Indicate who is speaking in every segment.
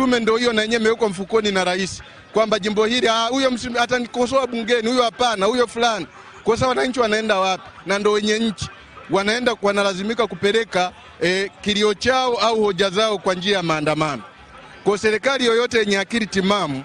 Speaker 1: tume ndio hiyo na yenyewe imewekwa mfukoni na rais, kwamba jimbo hili ah, huyo atanikosoa bungeni, huyo hapana, huyo fulani. Kwa sababu wananchi wanaenda wapi? Na ndio wenye nchi wanaenda wanalazimika kupeleka eh, kilio chao au hoja zao kwa njia ya maandamano. Kwa serikali yoyote yenye akili timamu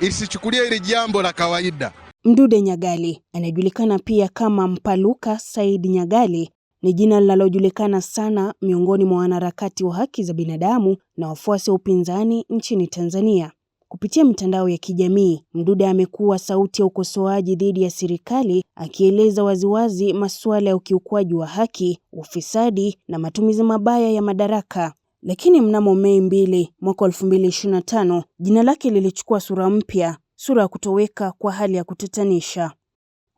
Speaker 1: isichukulia hili jambo la kawaida.
Speaker 2: Mdude Nyagali anajulikana pia kama Mpaluka Said Nyagali ni jina linalojulikana sana miongoni mwa wanaharakati wa haki za binadamu na wafuasi wa upinzani nchini Tanzania. Kupitia mitandao ya kijamii, Mdude amekuwa sauti ya ukosoaji dhidi ya serikali, akieleza waziwazi masuala ya ukiukwaji wa haki, ufisadi na matumizi mabaya ya madaraka. Lakini mnamo Mei mbili mwaka 2025, jina lake lilichukua sura mpya, sura ya kutoweka kwa hali ya kutatanisha.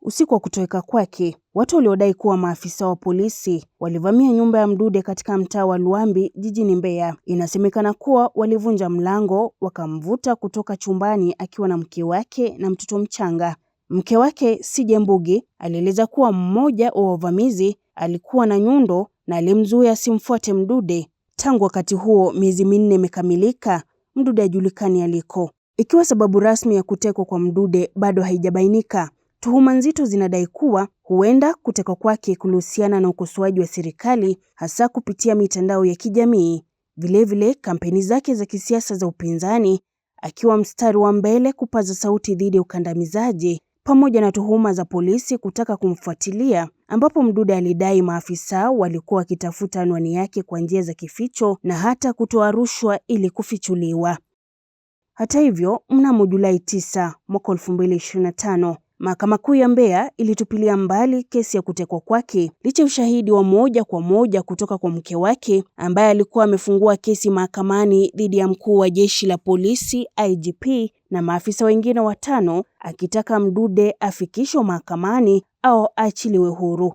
Speaker 2: Usiku wa kutoweka kwake, Watu waliodai kuwa maafisa wa polisi walivamia nyumba ya Mdude katika mtaa wa Luambi jijini Mbeya. Inasemekana kuwa walivunja mlango wakamvuta kutoka chumbani akiwa na mke wake na mtoto mchanga. Mke wake Sije Mbugi alieleza kuwa mmoja wa wavamizi alikuwa na nyundo na alimzuia asimfuate Mdude. Tangu wakati huo miezi minne imekamilika, Mdude hajulikani aliko. Ikiwa sababu rasmi ya kutekwa kwa Mdude bado haijabainika, Tuhuma nzito zinadai kuwa huenda kutekwa kwake kulihusiana na ukosoaji wa serikali hasa kupitia mitandao ya kijamii. Vilevile, kampeni zake za kisiasa za upinzani, akiwa mstari wa mbele kupaza sauti dhidi ya ukandamizaji, pamoja na tuhuma za polisi kutaka kumfuatilia, ambapo Mdude alidai maafisa walikuwa wakitafuta anwani yake kwa njia za kificho na hata kutoa rushwa ili kufichuliwa. Hata hivyo, mnamo Julai 9 mwaka 2025 Mahakama Kuu ya Mbeya ilitupilia mbali kesi ya kutekwa kwake licha ya ushahidi wa moja kwa moja kutoka kwa mke wake ambaye alikuwa amefungua kesi mahakamani dhidi ya mkuu wa jeshi la polisi IGP na maafisa wengine watano akitaka Mdude afikishwe mahakamani au aachiliwe huru.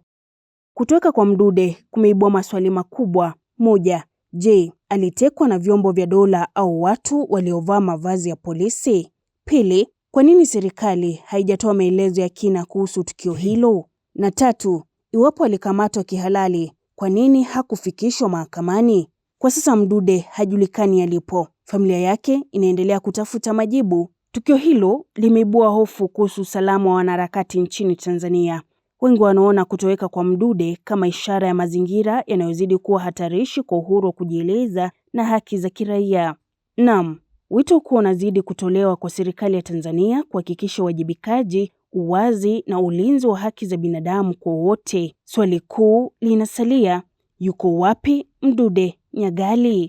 Speaker 2: Kutoka kwa Mdude kumeibua maswali makubwa. Moja, je, alitekwa na vyombo vya dola au watu waliovaa mavazi ya polisi? Pili, kwa nini serikali haijatoa maelezo ya kina kuhusu tukio hilo? Na tatu, iwapo alikamatwa kihalali, kwa nini hakufikishwa mahakamani? Kwa sasa Mdude hajulikani alipo. Familia yake inaendelea kutafuta majibu. Tukio hilo limeibua hofu kuhusu usalama wa wanaharakati nchini Tanzania. Wengi wanaona kutoweka kwa Mdude kama ishara ya mazingira yanayozidi kuwa hatarishi kwa uhuru wa kujieleza na haki za kiraia. Naam, Wito kuwa unazidi kutolewa kwa serikali ya Tanzania kuhakikisha uwajibikaji, uwazi na ulinzi wa haki za binadamu kwa wote. Swali kuu linasalia, yuko wapi Mdude Nyagali?